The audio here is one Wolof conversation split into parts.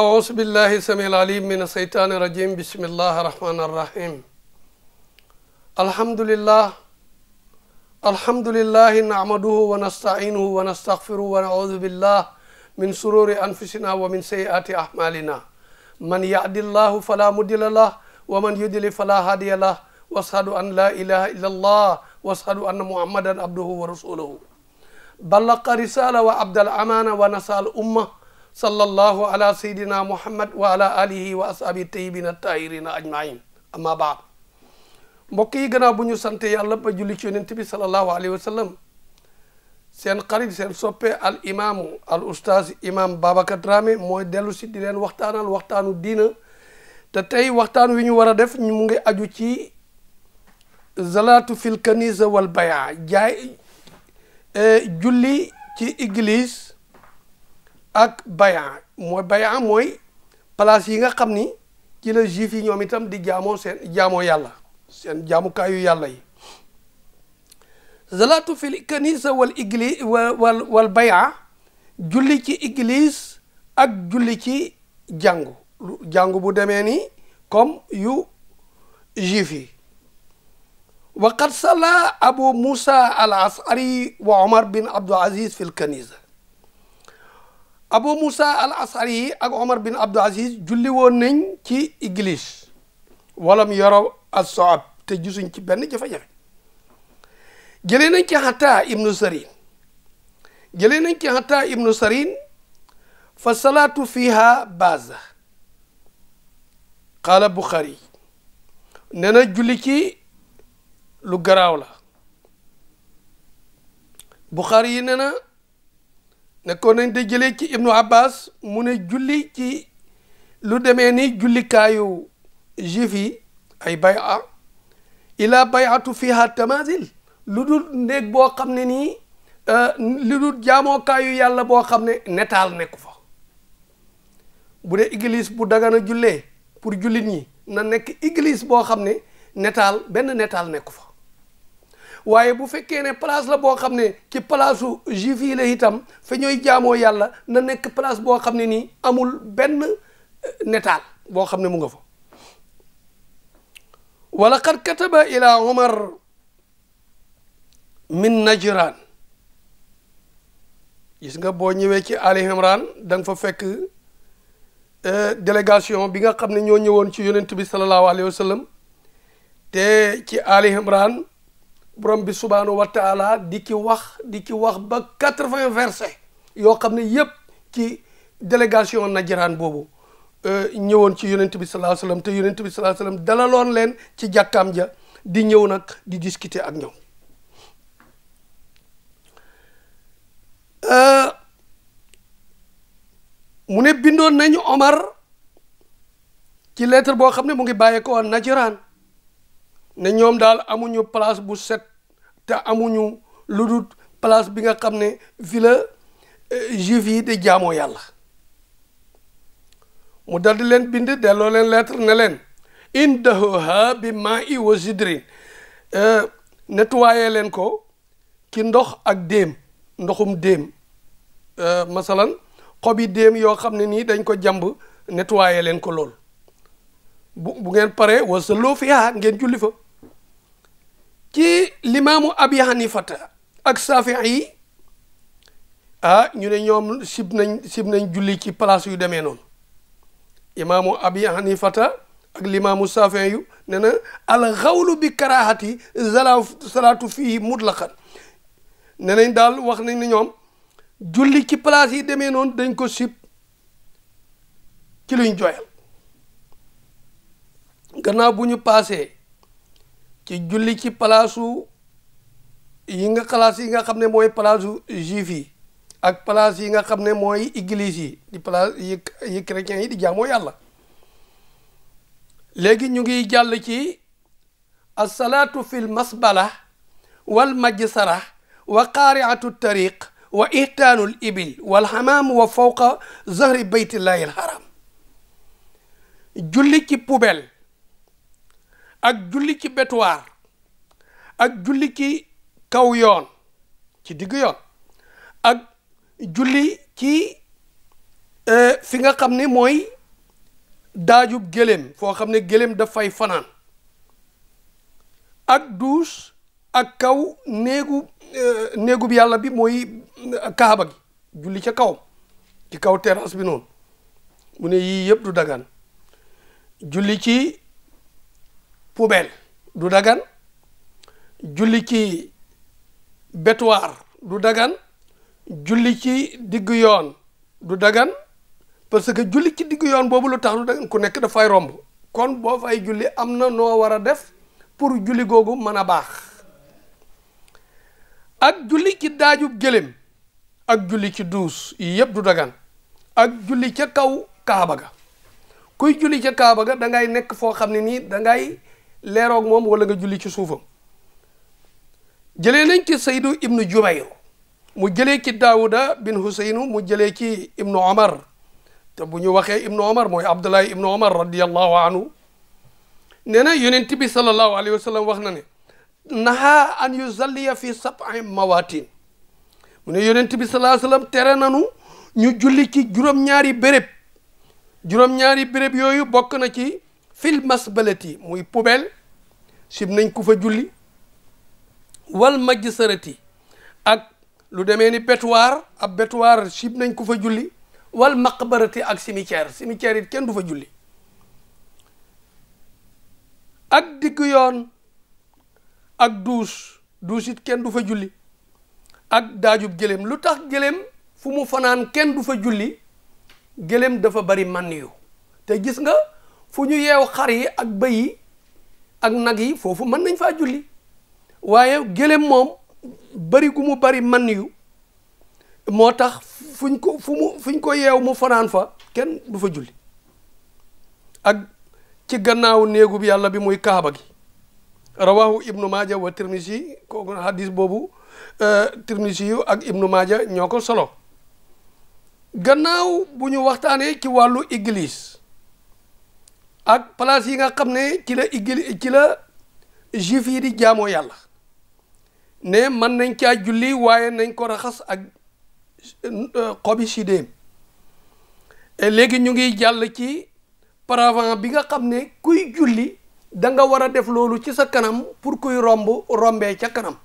أعوذ بالله السميع العليم من الشيطان الرجيم بسم الله الرحمن الرحيم الحمد لله الحمد لله نعمده ونستعينه ونستغفره ونعوذ بالله من شرور أنفسنا ومن سيئات أعمالنا من يهد الله فلا مضل له ومن يدل فلا هادي له واشهد أن لا إله إلا الله واشهد أن محمدا عبده ورسوله بلغ رسالة وعبد الأمانة ونصر الأمة صلى الله على سيدنا محمد وعلى آله وأصحابه الطيبين الطاهرين أجمعين أما بعد مكي غنا بنيو سنتي الله بجولي تشونتي صلى الله عليه وسلم سين قريب سين سوبي الإمام الأستاذ إمام بابا كترامي موي دلو سي دي لين وقتانال وقتانو دين تا تاي وقتان وي ني ورا ديف ني موغي اديو تي زلات في الكنيزه والبيع جاي آه، جولي تي إجليس ak bayan mooy bayan mooy place yi nga xam ni ci la juif yi ñoom itam di jaamoo seen yalla yàlla jamu kayu yàlla yi zalaatu fil kanisa wal igli wal wal bayan julli ci église ak julli ci jàngu jàngu bu demee ni comme yu juif yi wa qad salla abu musa al asari wa omar bin abdul aziz fil kanisa abu musa al ashari ak omar bin abdul aziz julli woon nañ ci iglis walam yoro assoab te gisuñ ci benn jafe-jafe jëlee nañ ci hatta ibnu sarin jëlee nañ ci hatta fa salaatu fiha baza qaala buxaari nee na julli ci lu garaaw la buxaari yi nee nekkoon nañ te jëlee ci ibnu abbas mu ne julli ci lu demee ni jullikaayu juif yi ay bay'a ila bay'atu fiha tamazil lu dul néeg boo xam ne nii euh, lu dul jaamookaayu yàlla boo xam ne netaal nekku fa bu dee église bu dagana jullee pour jullit ñi na nekk église boo xam ne netaal benn netaal nekku fa waaye bu fekkee ne place la boo xam ne ci place juif yi la itam fa ñooy jaamoo yàlla na nekk place boo xam ne nii amul benn euh, netaal boo xam ne mu nga fa wala qad kataba ila omar min gis nga boo ñëwee ci ali imran da nga fa fekk euh, délégation bi nga xam ne ñoo ñëwoon ci yonent bi sallallahu alayhi wa te ci ali imran borom bi subhaanahu wa taala di ki wax di ki wax ba quatre-vingts versets yoo xam ne yépp ci délégation najiraan boobu euh, ñëwoon ci yonent bi sallallahu alayhi wasallam te yonent bi sallallahu alayhi dalaloon leen ci jàkkaam ja di ñëw nag di discuter ak ñoom euh, mu ne bindoon nañu Omar ci lettre boo xam ne mu ngi bàyyeekoo Najiraan ne ñoom daal amuñu place bu set te amuñu lu dul place bi nga xam ne fi la eh, juif yi di jaamoo yàlla mu daldi leen bind delloo leen lettre ne leen indahoha bi maa i wa sidrin eh, nettoyé leen ko ci ndox ak déem ndoxum déem eh, masalan xobi déem yoo xam ne nii dañ ko jàmb nettoyé leen ko lool bu bu ngeen paree wasa loo fiyaa ngeen julli fa ci limaamu abi hanifata ak safia yi ah ñu ne ñoom sib nañ sib nañ julli ci place yu demee noonu imaamu abi hanifata ak limaamu safia yu ne al xawlu bi karahati zala salaatu fii mutlaqan ne daal wax nañ ne ñoom julli ci place yi demee noonu dañ ko sib ci luñ joyal bu ñu paasee ci julli ci palaasu yi nga xalaas yi nga xam ne mooy palaasu juif yi ak palaas yi nga xam ne mooy église yi di palaas yi yi chrétiens yi di jaamoo yàlla léegi ñu ngi jàll ci asalaatu fil masbala wal majsara wa qaariatu tariq wa ihtaanu l ibil wal xamaam wa fawqa zahri baytillahi l haram julli ci poubelle ak julli ci betuwaar ak julli ci kaw yoon ci digg yoon ak julli ci e, fi nga xam ne mooy daajub gëléem foo xam ne da dafay fanaan ak duus ak kaw néegu e, néegub yàlla bi mooy kaaba gi julli ca kawam ci kaw terrasse bi noonu mu ne yii yëpp du dagan julli ci poubelle du dagan julli ci bétuwaar du dagan julli ci diggu yoon du dagan parce que julli ci diggu yoon boobu lu tax du dagan ku nekk dafay romb kon boo fay julli am na noo war a def pour julli googu mën a baax ak julli ci daajub gëléem ak julli ci duus yi du dagan ak julli ca kaw kaaba ga kuy julli ca kaaba ga dangay nekk foo xam ne nii dangay leeroog moom wala nga julli ci suufam jëlee nañ ci saydu ibnu jubayr mu jëlee ci daawuda bin husaynu mu jëlee ci ibnu omar te bu ñu waxee ibnu omar mooy abdullahi ibnu omar radiallahu anhu nee na yonent bi salallahu alayhi wa sallam wax na ne nahaa an yusalliya fi sab'i mawatin mu ne yonent bi salallahu sallam tere nanu ñu julli ci juróom-ñaari béréb juróom-ñaari yooyu bokk na ci fil masbalati muy poubelle sib nañ ku fa julli wal majsarati ak lu demee ni bétuwaar ab bétuwaar sib nañ ku fa julli wal maqbarati ak cimetière cimetière it kenn du fa julli ak digg ak duus kenn du fa julli ak daajub gëléem lu tax gëléem fu mu fanaan kenn du fa julli gëléem dafa bari man yu te gis nga fu ñu yeew xar yi ak bëy yi ak nag yi foofu mën nañ faa julli waaye gëléem moom bari gu mu bari man yu moo tax fuñ ko fu mu fuñ ko yeew mu fanaan fa kenn du fa julli ak ci gannaaw néegu bi yàlla bi muy kaaba gi rawahu ibnu maaja wa tirmisi kooku hadis boobu euh, tirmisi yu ak ibnu maaja ñoo ko solo gannaaw bu ñu waxtaanee ci wàllu église ak place yi nga xamne ci la igil ci la juif yi di jamo yalla ne man nañ caa julli waye nañ ko raxas ak euh, xobi e legi ñu ngi jall ci paravent bi nga xamne kuy julli da nga wara def lolu ci sa kanam pour kuy ca kanam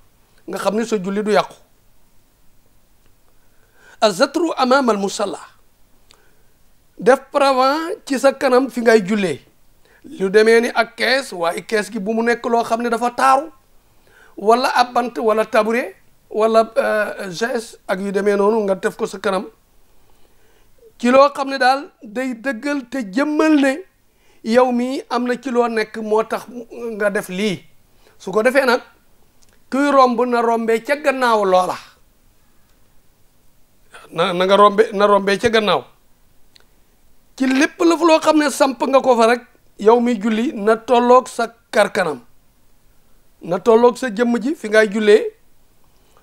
nga xamne so julli du yàqu azatru amama al musalla def paravent ci sa kanam fi ngay yu demee ni ak kees waaye kees gi bu mu nekk loo xam ne dafa taaru walla ab bant wala tabouret wala ges euh, ak yu demee noonu nga def ko sa kanam ci loo xam ne daal day dëggal te jëmmal ne yow mii am na ci loo nekk moo tax nga def lii su ko defee nag kuy romb na rombee ca gannaaw loola na na nga rombe na rombee ca gannaaw ci lépp la loo xam ne samp nga ko fa rek yow mi julli na tolok sa karkanam na tolok sa jëm ji fi ngay julle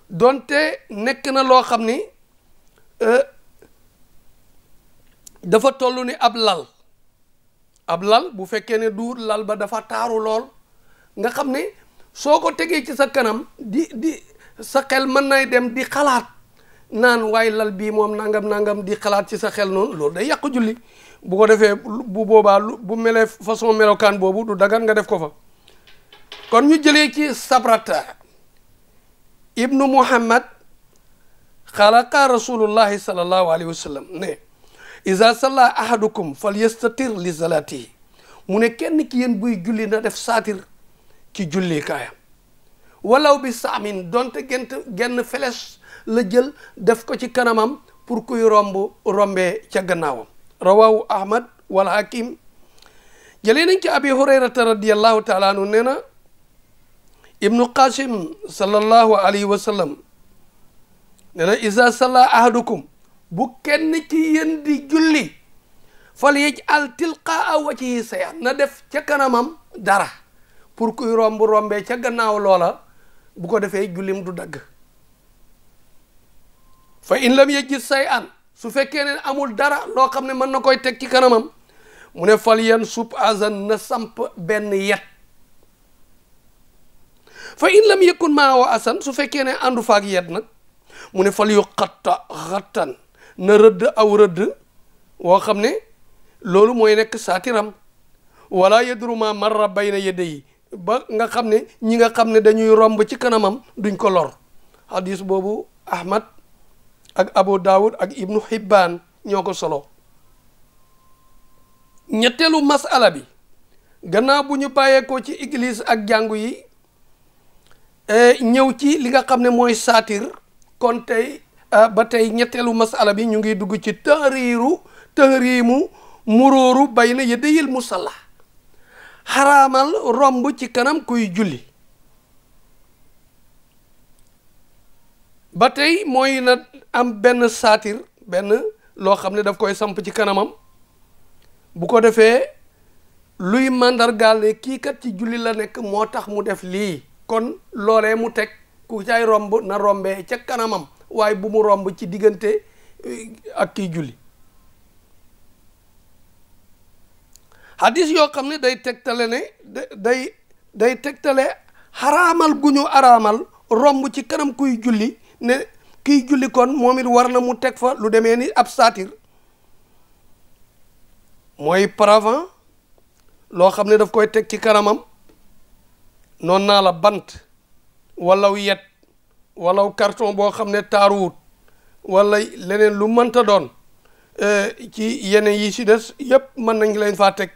donte nek na lo xamni euh dafa tollu ni ab lal ab lal bu fekke ne dur lal ba dafa taru lol nga xamni soko tege ci sa kanam di di sa xel man nay dem di xalaat nan way lal bi mom nangam nangam di xalaat ci sa xel non lol day yàq julli bu ko defee bu boobaa bu melee façon melokaan boobu du dagan nga def ko fa kon ñu jëlee ci sabrata ibnu muhammad xalaqa rasulullahi sallallahu alayhi wa sallam ne iza salla ahadukum fal yastatir li salatihi mu ne kenn ki yéen buy julli na def saatir ci julli kaayam walaw bi saamin donte gent genn feles la jël def ko ci kanamam pour kuy romb rombee ca gannaawam rawahu ahmad wal hakim jëlee nañ ci abi hurayrata radiallahu taala anhu nee na ibnu qasim sallallahu alayhi wa sallam na isa salla ahadukum bu kenn ci julli fal yej al tilqaa wajhi sayan na def ca kanamam dara pour kuy romb rombe ca gannaaw loola bu ko defee jullim du dagg fa in lam yejji say su fekkee ne amul dara loo xam ne mën na koy teg ci kanamam mu ne fal yan sub azan na samp benn yet fa in lam yëkkun maawa asan su fekkee ne àndu faak yet nag mu ne fal yu xatta xattan na rëdd aw rëdd woo xam ne loolu mooy nekk saatiram wala yadruma marra na yedde yi ba nga xam ne ñi nga xam ne dañuy romb ci kanamam duñ ko lor hadis boobu ahmad ak Abu Dawud ak Ibnu xibaan ñoo ko solo ñetteelu masala bi gannaaw bu ñu bàyyeekoo ci église ak jàngu yi e, ñëw ci li nga xam ne mooy saatir kon tey e, ba tey ñetteelu masala bi ñu ngi dugg ci tahriiru tahriimu muróoru bay na yëddayil musalla xaraamal romb ci kanam kuy julli ba tey mooy na am benn saatir benn loo xam ne daf koy samp ci kanamam bu ko defee luy màndargaal ne kii kat ci julli la nekk moo tax mu def lii kon loolee mu teg ku cay romb na rombee ca kanamam waaye bu mu romb ci diggante eh, ak kiy julli hadis yoo xam ne day tegtale ne day day tegtale xaraamal gu ñu araamal romb ci kanam kuy julli ne kiy julli kon momit war na mu tek fa lu demee ni ab saatir moy paravent lo xam daf koy tek ci karamam non na la bant walau yet walau carton bo xam tarout wala leneen lu don euh ci yene yi ci dess yep man nañ leen fa tek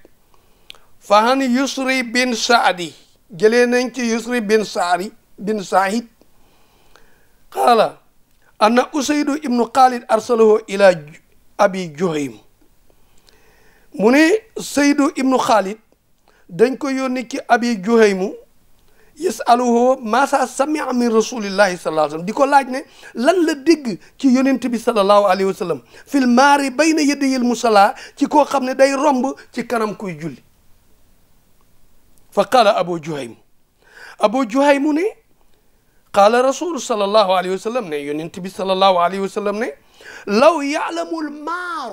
fahani yusri bin saadi gele nañ ci yusri bin saari bin saahid qaala anna usaydu ibnu xaalid arsalahu ila abi juhaym mu ne saydu ibnu xaalid dañ ko yónni ci abi juhaymu yasaluhu masa samia min rasulillahi sallallahu alayhi wa sallam di ko laaj ne lan la dégg ci yonent bi sallallahu alayhi wa sallam fil maari bayna yadayil musala ci koo xam ne day romb ci kanam kuy julli fa qaala abu juhaym abu juhaym ne قال رسول صلى الله عليه وسلم ينتبه صلى الله عليه وسلم لو يعلم المار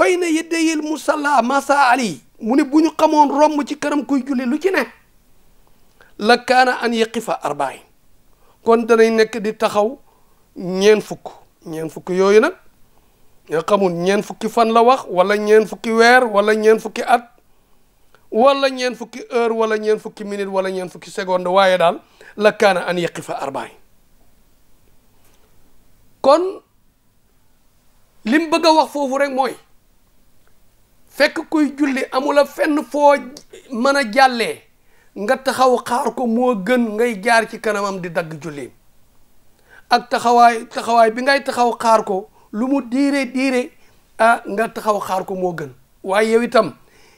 بين يدي المصلى مسا علي من بني قمون روم تي كرم كوي جولي لو لكان ان يقف أربعين كون دا نك دي تاخاو نين فوك نين فوك يوي نا يا قمون نين فوك فان لا واخ ولا نين فوك وير ولا نين فوك ات walla ñeen fukki heure wala ñeen fukki minute wala ñeen fukki seconde waaye daal la kaana an yaqifa arbain kon lim bëgg a wax foofu rek mooy fekk kuy julli amula fenn foo mën a jàllee nga taxaw xaar ko moo gën ngay jaar ci kanamam di dagg julli ak taxawaay taxawaay bi ngay taxaw xaar ko lu mu diire diire ah nga taxaw xaar ko moo gën waaye yow itam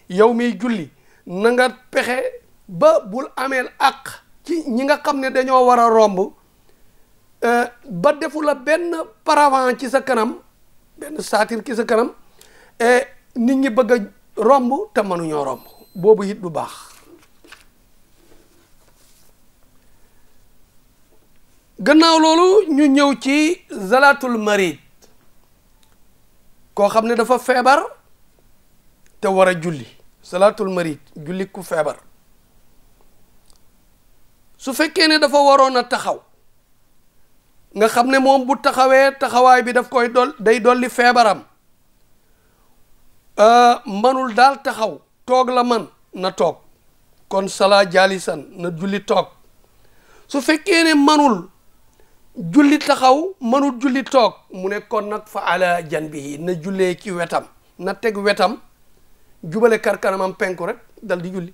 yow miy julli nanga pexe ba bul ameel àq ci ñi nga xam ne dañoo war a romb euh, ba defu la benn paravent ci sa kanam benn saatir ci sa kanam et nit ñi bëgg a romb te mënuñoo romb boobu it du baax gannaaw loolu ñu ñëw ci zalatul marid koo xam ne dafa feebar te war a julli salatul marid julli ku feebar su fekkee ne dafa waroon a taxaw nga xam ne moom bu taxawee taxawaay bi daf koy dol day dolli feebaram manul daal taxaw toog la man na toog kon sala jaalisan na julli toog su fekkee ne manul julli taxaw manul julli toog mu ne kon nag fa ala janbihi na jullee ci wetam na teg wetam jubale kar kanamam penku rek daldi di julli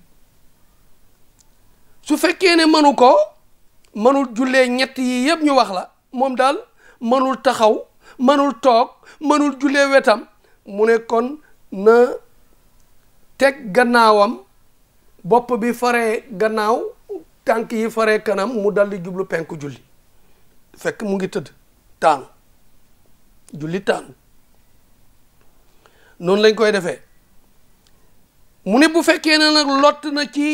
su fekkee ne mënu ko mënul jullee ñett yii yëpp ñu wax la moom daal mënul taxaw mënul toog mënul jullee wetam mu ne kon na teg gannaawam bopp bi faree gannaaw tànk yi faree kanam mu dal di jublu penku julli fekk mu ngi tëdd taanu julli taanu noonu lañ koy defee mu ne bu fekkee ne nag lott na ci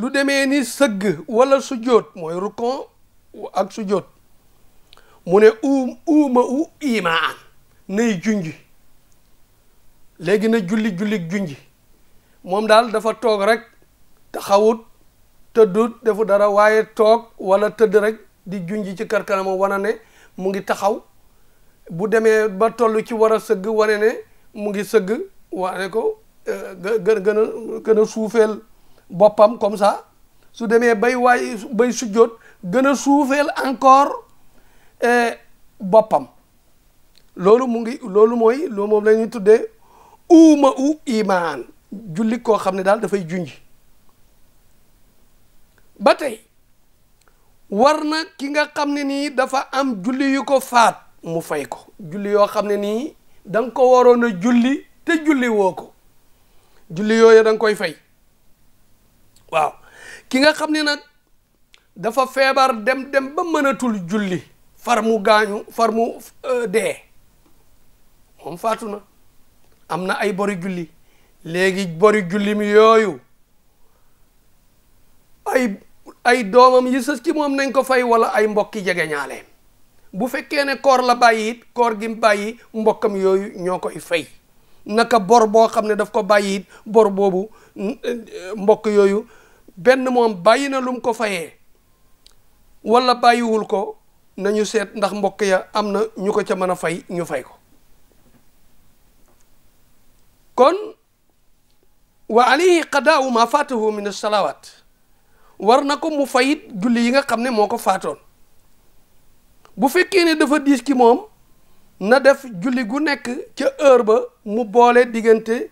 lu demee ni sëgg wala sujjóot mooy rukon ak sujjóot mu ne uum uuma u imaan nay junji léegi na julli julli junji moom daal dafa toog rek taxawut tëddut defu dara waaye toog wala tëdd rek di junji ci kër wana ne mu ngi taxaw bu demee ba toll ci war a sëgg wane ne mu ngi sëgg wane ko gën gën a gën a suufeel boppam comme ça su demee bay waay bay sujjoot gën a suufeel encore eh, boppam loolu mu ngi loolu mooy loolu moom la ñuy tuddee uuma u imaan julli koo xam ne daal dafay junj ba tey war na ki nga xam ne nii dafa am julli yu ko faat mu fay ko julli yoo xam ne nii danga ko waroon a julli te julli woo ko julli yooyu da koy fay waaw ki nga xam ne nag dafa feebar dem dem ba mënatul julli far mu gaañu far mu euh, dee moom faatu na am na ay bori julli léegi bori julli yooyu ay ay doomam yi sës ci moom nañ ko fay wala ay mbokki jege ñaaleem bu fekkee ne koor la bàyyi koor gi bàyyi mbokkam yooyu ñoo koy fay naka bor bo xamne ne daf ko bàyyi bor bobu mbok yoyu ben mom bayina na lum ko fayé wala bayiwul ko nañu set ndax mbok ya am ñuko ca mëna fay ñu fay ko kon wa alayhi qada'u ma fatahu min as-salawat warna ko mu fayit julli yi nga xamne ne faton bu fekkene dafa dis ki mom na def julli gu nekk ca heure ba mu boole diggante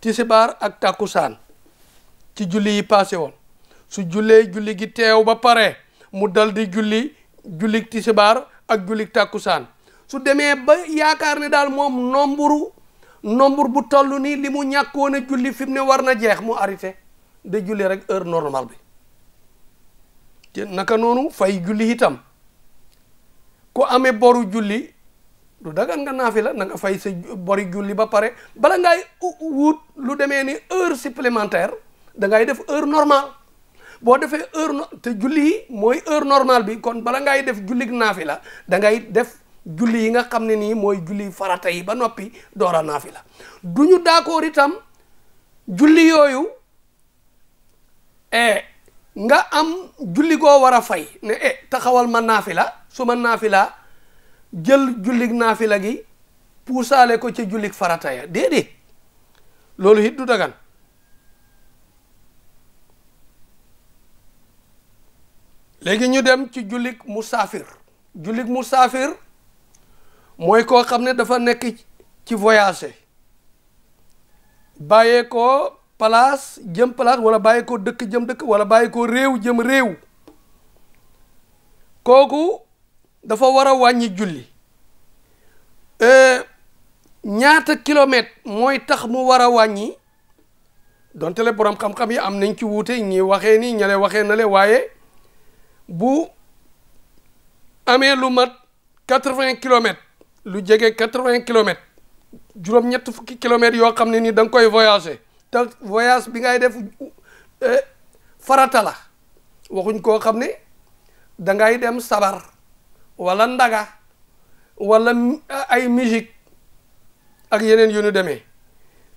tisbaar ak takkusaan ci julli yi passé woon su jullee julli gi teew ba pare mu dal di julli julli tisbaar ak julli takkusaan su demee ba yaakaar ne daal moom nombre nombre bu toll nii li mu ñàkkoon a julli fi mu ne war na jeex mu arrêté da julli rek heure normale bi naka noonu fay julli itam ku amee boru julli du dagan nga naafila na nga fay sa bori julli ba pare bala ngay wut lu demee ni heure supplémentaire da def heure normal boo defee heure te julli yi mooy heure normal bi kon bala ngay def julli naafila da ngay def julli yi nga xam ne nii mooy julli farata yi ba noppi door a naafila du ñu d'accord itam julli yooyu eh nga am julli goo war a fay ne eh taxawal ma la su ma naafila jël jullik naafila gi puusaale ko ci jullik farata ya déedéet loolu it du dagan léegi ñu dem ci jullik musaafir jullik musaafir mooy koo xam ne dafa nekk ci voyage bàyyeekoo ko jëm place wala bàyyeekoo dëkk jëm dëkk wala bàyyeekoo réew jëm réew kooku dafa war a wàññi julli euh, ñaata kilomètre mooy tax mu war a wàññi donte le borom xam-xam yi am nañ ci wuute ñi waxee ni ñale waxee na le bu amee lu mat 80 lu jege 80 vingts kilomètres juróom-ñett fukki kilomètre yoo xam ne ni da koy voyager te voyage bi ngay def euh, farata la waxuñ koo xam ne da ngay dem sabar wala ndaga wala ay musique ak yeneen yu ñu demee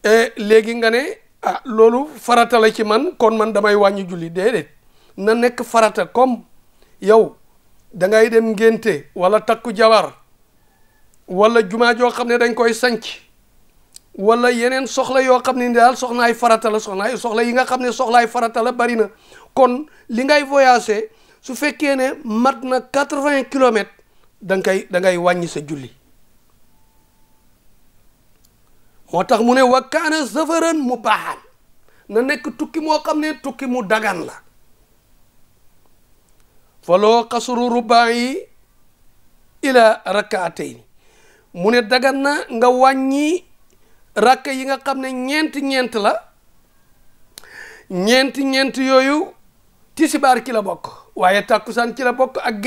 e léegi nga ne a ah, loolu farata la ci man kon man damay wàññi julli déedéet na nekk farata comme yow dangay ngay dem ngénte wala takku jabar walla jumaa joo xam ne dañ koy sanc wala yeneen soxla yoo xam ne daal soxnaay farata la soxnaay soxla yi nga xam ne soxlaay farata la bari na kon li ngay voyager su fekkee ne mat na quatre vingt kilomètres dangay dangay wañi sejuli. sa julli motax mupahan, mu ne wa kana safaran mubahan na nek tukki mo xamne tukki mu dagan la falo xasru rubai ila rak'atayn mu ne dagan na nga wañi rakk yi nga xamne ñent ñent la ñent ñent yoyu tisibar ki la bok waye takusan ci la bok ak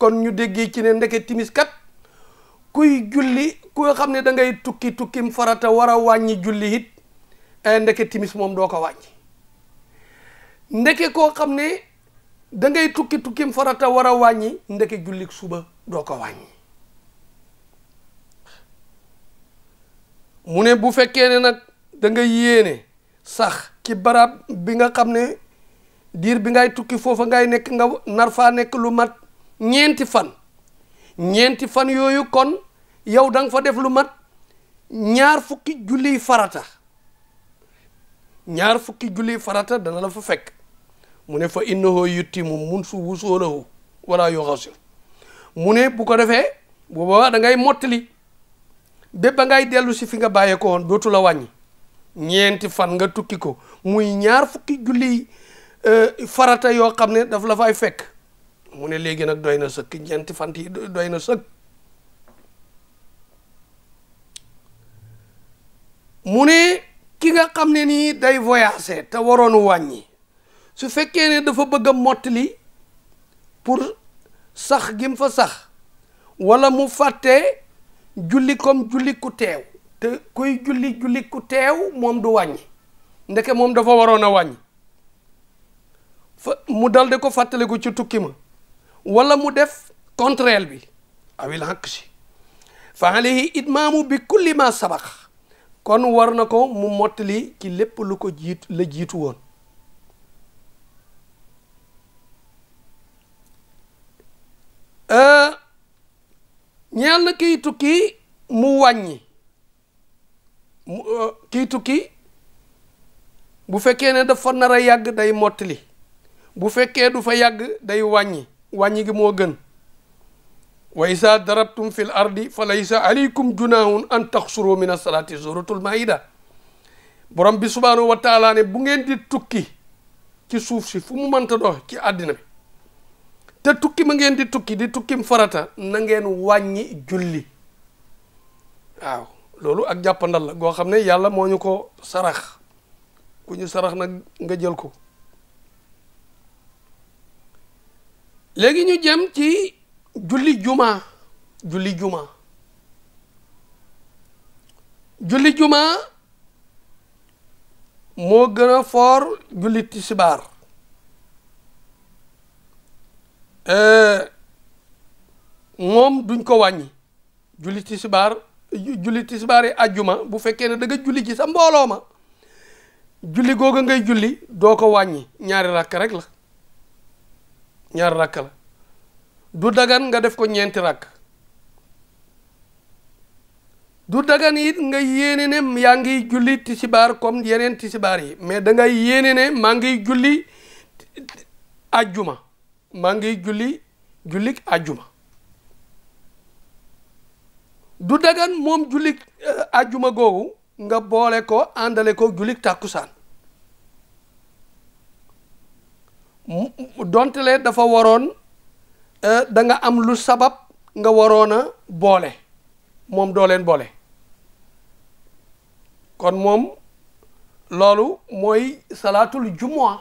kon ñu déggee ci ne ndeke timis kat kuy julli ku xam ne dangay tukki tukkim farata wàññi julli it eh, timis moom doo ko wàññi ndeke koo xam ne da tukki tukkim farata war a wàññi ndeke julli suba doo ko wàññi mu ne bu fekkee ne nag da yéene sax ci barab bi nga xam ne diir bi ngay tukki foofu ngay nekk nga nar faa nekk lu mat ñeenti fan ñeenti fan yooyu kon yow da fa def lu mat ñaar fukki julliy farata ñaar fukki julli farata dana la fa fekk mu ne fa innahu yuttimu mun su wusoolahu wala yoxasir mu ne bu ko defee booba da dangay mottili bépp ba ngay dellu si fi nga bàyyee ko woon dootu la wàññi ñeenti fan nga tukki ko muy ñaar fukki julli euh, farata yoo xam ne daf la fay fekk mu ne léegi nag doy na sëkk ñeenti fant yi doy na sëkk mu ne ki nga xam ne nii day voyager te waroon wàññi su fekkee ne dafa bëgg a mottali pour sax gim fa sax wala mu fàtte julli comme julli ku teew te kuy julli julli ku teew moom du wàññi ndeke moom dafa waroon a wàññi fa mu dal di ko fàttaliku ci tukki ma wala mu def contraire bi awil haq si fa alayhi idmaamu bi kulli ma sabax kon war na ko mu mottali ci lépp lu ko jiit la jiitu woon euh, ñeel na kiy tukki mu wàññi euh, kiy tukki bu fekkee ne dafa nar a yàgg day mottali bu fekkee du fa yàgg day wàññi wàññi gi moo gën wa isa darabtum fi l ardi fa laysa aleykum junahun an taxsuru min asalaati suratul maida borom bi subhaanahu wa taala ne bu ngeen di tukki ci suuf si fu mu mënta dox ci àddina bi te tukki ma ngeen di tukki di tukkim farata na ngeen wàññi julli waaw loolu ak jàppandal la goo xam ne yàlla moo ñu ko sarax ku ñu sarax na nga jël ko legi ñu jëm ci julli juma julli juma julli juma mo gëna for julli tisbar euh ngom duñ ko wañi julli tisbar julli tisbar yi aljuma bu fekke ne da nga julli ci sa mbolo ma julli goga ngay julli do ko wañi ñaari rak rek la ñaar rakk la du dagan nga def ko ñeenti rakk du dagan it nga yéene ne yaa ngi julli tisibaar comme yeneen tisibaar yi mais da nga yéene ne maa ngi julli ajuma maa ngi julli jullik ajuma du dagan moom jullik eh, ajjuma googu nga boole ko àndale ko jullik tàkkusaan donte le dafa euh da nga am lu sabab nga warona bolé mom do len bolé kon mom lolu moy salatul jumu'ah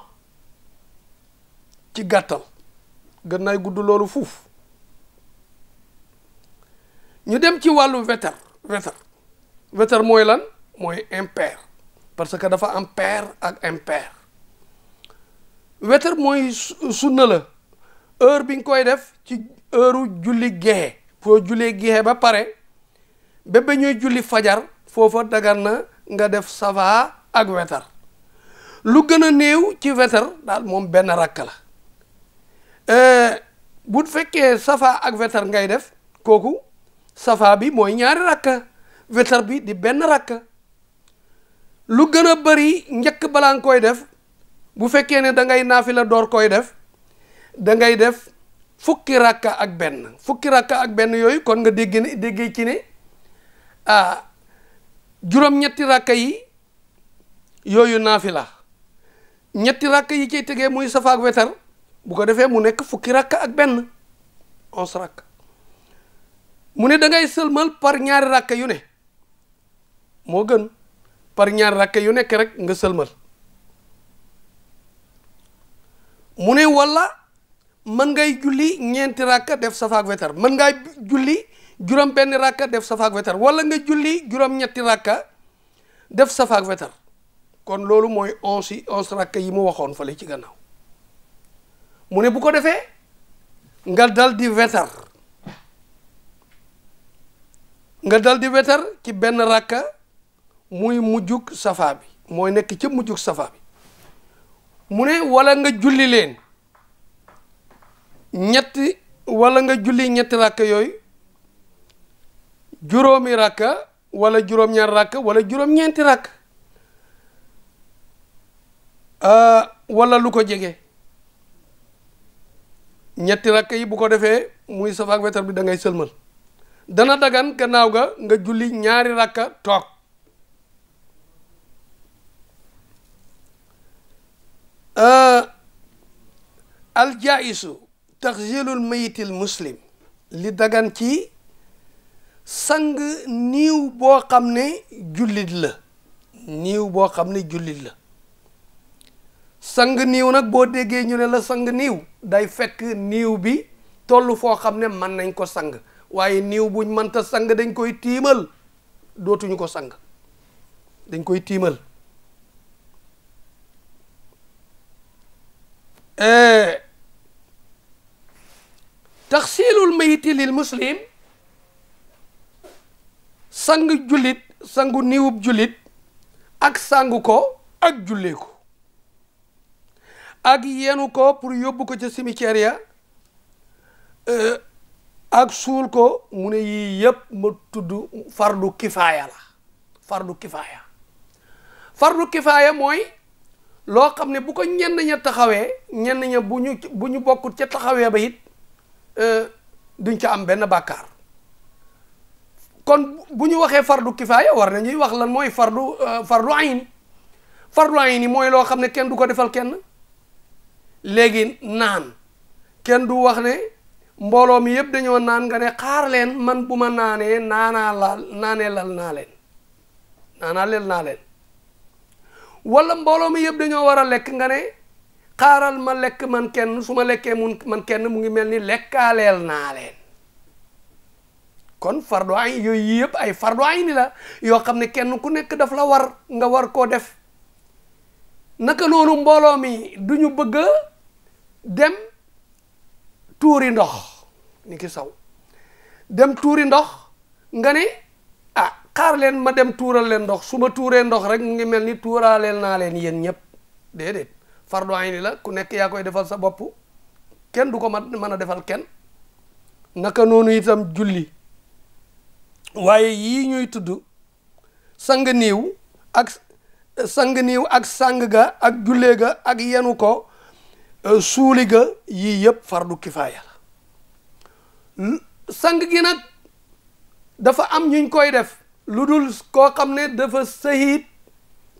ci gattal gën guddul lolu fuf. ñu dem ci walu wetar wetar wetar moy lan moy impair parce que dafa am père ak impair wetar mooy sunna la heure bi nga koy def ci heure julli gexe foo jullee gexe ba pare ba ba ñuy julli fajar foofa dagan na nga def sava ak wetar lu gën a néew ci wetar daal moom benn rakk la euh, bu fekkee safa ak wetar ngay def kooku safa bi mooy ñaari rakka wetar bi di benn rakka lu gën a bëri njëkk balaa nga koy def bu fekkee ne da ngay naafila door koy def da ngay def fukki rakka ak benn fukki rakka ak benn yooyu kon nga dégg ne déggee ci ne ah juróom-ñetti rakka yi yooyu naafila ñetti rakka yi ciy tegee muy safa ak wetar bu ko defee mu nekk fukki rakka ak benn onze rakka mu ne da ngay sëlmal par ñaari rakka yu ne moo gën par ñaari rakka yu nekk rek nga sëlmal mu ne walla mën ngay julli ñeenti rakka def safaak wetar mën ngay julli juróom benn rakka def safaak wetar wala nga julli juróom ñetti rakka def safaak wetar kon loolu mooy onze yi yi mu waxoon fale ci gannaaw mu ne bu ko defee nga daldi di nga daldi di wetar ci benn rakka muy mujjug safa bi mooy nekk ca mujjug safa bi mune wala nga julli len ñetti wala nga julli ñetti rakka yoy juromi rakka wala jurom ñaar rakka wala ñent ñeenti rakk ah, wala lu ko jege ñetti rakka yi bu ko défé muy ak wétar bi da ngay dana dagan gannaaw ga nga julli ñaari rakka tok Euh, aljaisu taxjilul mayitil muslim li dagan ci sang niiw boo xam ne jullit la niiw boo xam ne jullit la sang niiw nag boo déggee ñu ne la sang niiw day fekk niiw bi toll foo xam ne mën nañ ko sang waaye niiw buñ mënta sang dañ koy tiimal dootuñu ko sang dañ koy tiimal Eh, taxsiilul mayiti lil muslim sang jullit sangu niwub jullit ak sangu ko ak jullee ak yenu ko pour yóbbu ko ca cimetière ya eh, ak suul ko mu ne yii yëpp ma tudd fardu kifaaya la fardu kifaaya fardu kifaaya mooy loo xam ne bu ko ñenn ña taxawee ñenn ña bu ñu bu ñu bokkut ca taxawee ba it euh, duñ ca am benn bàkkaar kon bu ñu waxee fardu kifaaya war na ñuy wax lan mooy fardu euh, fardu ayn fardu ayn yi mooy loo xam ne kenn du ko defal kenn léegi naan kenn du wax ne mbooloo mi yëpp dañoo naan nga ne xaar leen man bu ma naanee naanaa laal naanee lal naa naanaa leel naa leen wala mbooloo mi yëpp dañoo war a lekk nga ne xaaral ma lekk man kenn su ma lekkee mun man kenn mu ngi mel ni lekkaaleel naa leen kon fardu ayn yooyu yëpp ay fardu ayn ni la yoo xam ne kenn ku nekk daf la war nga war koo def naka noonu mbooloo mi du ñu bëgg a dem tuuri ndox ni ki saw dem tuuri ndox nga ne xaar leen ma dem tuural leen ndox su ma tuuree ndox rek mu ngi mel ni tuuraaleel naa leen yéen ñëpp déedéet fardu ayni la ku nekk yaa koy defal sa bopp kenn du ko ma mën a defal kenn naka noonu itam julli waaye yii ñuy tudd sang niiw ak sang ak sang ga ak jullee ga ak yenu ko euh, suuli ga yii yëpp fardu kifaaya la sang gi nag dafa am ñuñ koy def lu dul koo xam ne dafa sahid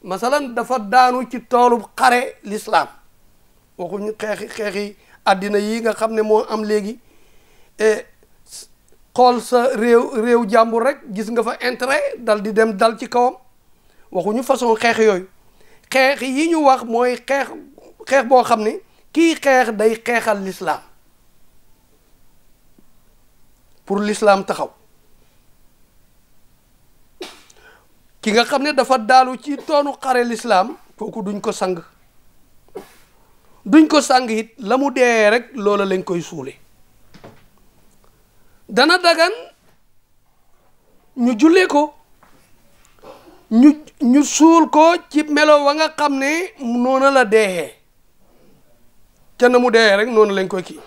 masalan dafa daanu ci toolub xare l'islam waxuñu xeexi xeexi àddina yi nga xam ne moo am léegi e, xool sa réew réew jàmbur rek gis nga fa intérêt dal di dem dal ci kawam waxuñu façon xeex yooyu xeex yi ñu wax mooy xeex boo xam ne kii xeex day xeexal lislaam pour lislaam taxaw ki nga xam ne dafa daalu ci toonu xare lislaam kooku duñ ko sang duñ ko sang it la mu dee rek loola lañ koy suule dana dagan ñu jullee ko ñu ñu suul ko ci melo wa nga xam ne noona la deexee ca na mu deexee rek noonu lañ koy kii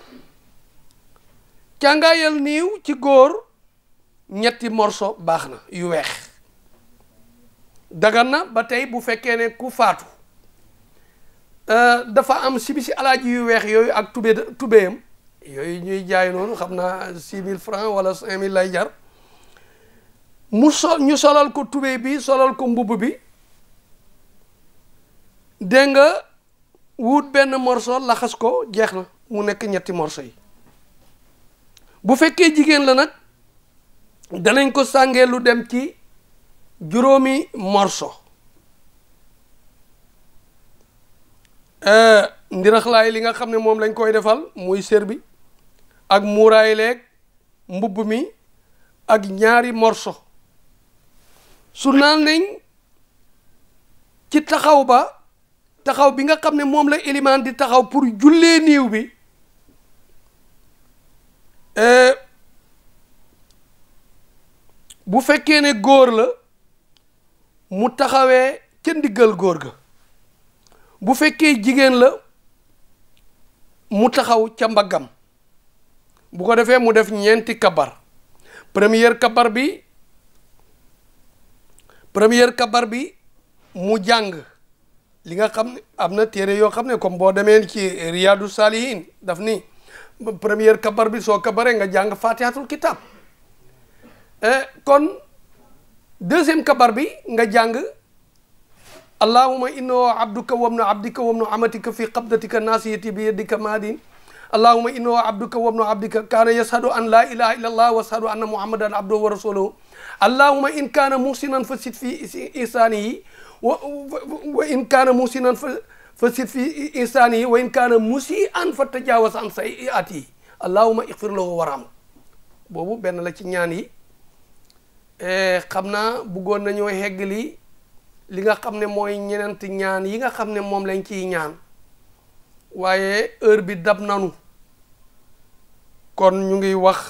càngaayal niiw ci góor ñetti morso baax na yu weex dagan na ba tey bu fekkene ku faatu euh, dafa am sibisi alaaji yu wex yoy ak tube tubéyam yoy ñuy jaay non xamna 6000 francs wala 5000 lay jar mu so ñu solal ko tubéy bi solal ko mbubu bi de nga wut ben morso la xass ko jeexna mu nekk ñetti morso yi bu fekke jigen la nak danañ ko sàngee lu dem ci juróomi morso e, ndiraxlaay li nga xam ne moom lañ koy defal muy sér bi ak muuraay leeg mbubb mi ak ñaari morso su naan nañ ci taxaw ba taxaw bi nga xam ne moom la ilimaan di taxaw pour jullee niiw bi e, bu fekkee ne góor la mu taxawee ca ndiggal góor ga bu fekkee jigéen la mu taxaw ca mbaggam bu ko defee mu def ñeenti kabar premier kabar bi premier kabar bi mu jàng li nga xam ne am na téere yoo xam ne comme boo demee ci Riyadu Salihin daf ni premier kabar bi so kabaree nga jàng fatihatul kitab eh, kon deuxième kabar bi nga jàng allahuma innoo abduka wabnu abdika wabnu amatika fi qabdatika nasiyati bi yadika maadin allahuma innoo abduka wabnu abdika kaana yashadu an laa ilaha illa allah wa ashadu anna muhammadan abduhu wa rasuluhu allahuma in kaana muhsinan fa sit fi isaanihi wa in kaana muhsinan fa sit fi insaanihi wa in kaana musian fa tajawas an sayiatihi allahuma ixfir lahu waram boobu benn la ci ñaan Eh, xam naa bëggoon nañoo heggali li li nga xam ne mooy ñeneenti ñaan yi nga xam ne moom lañ ciy ñaan waaye heure bi dab nanu kon ñu ngi wax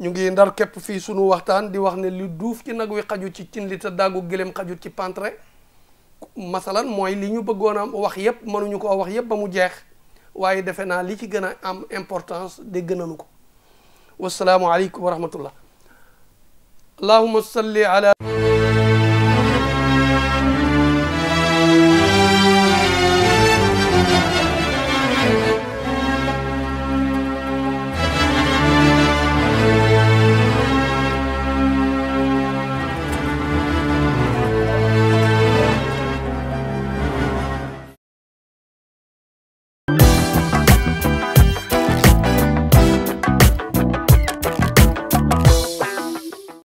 ñu ngi ndar képp fii sunu waxtaan di wax ne li duuf ci nag wi xaju ci cin li te daggu gëléem xaju ci pantre masalan mooy li ñu bëggoon a wax yépp mënuñu ko wax yépp ba mu jeex waaye defe naa li ci gën a am importance dégg nañu ko wasalaamualeykum wa rahmatullah اللهم صل على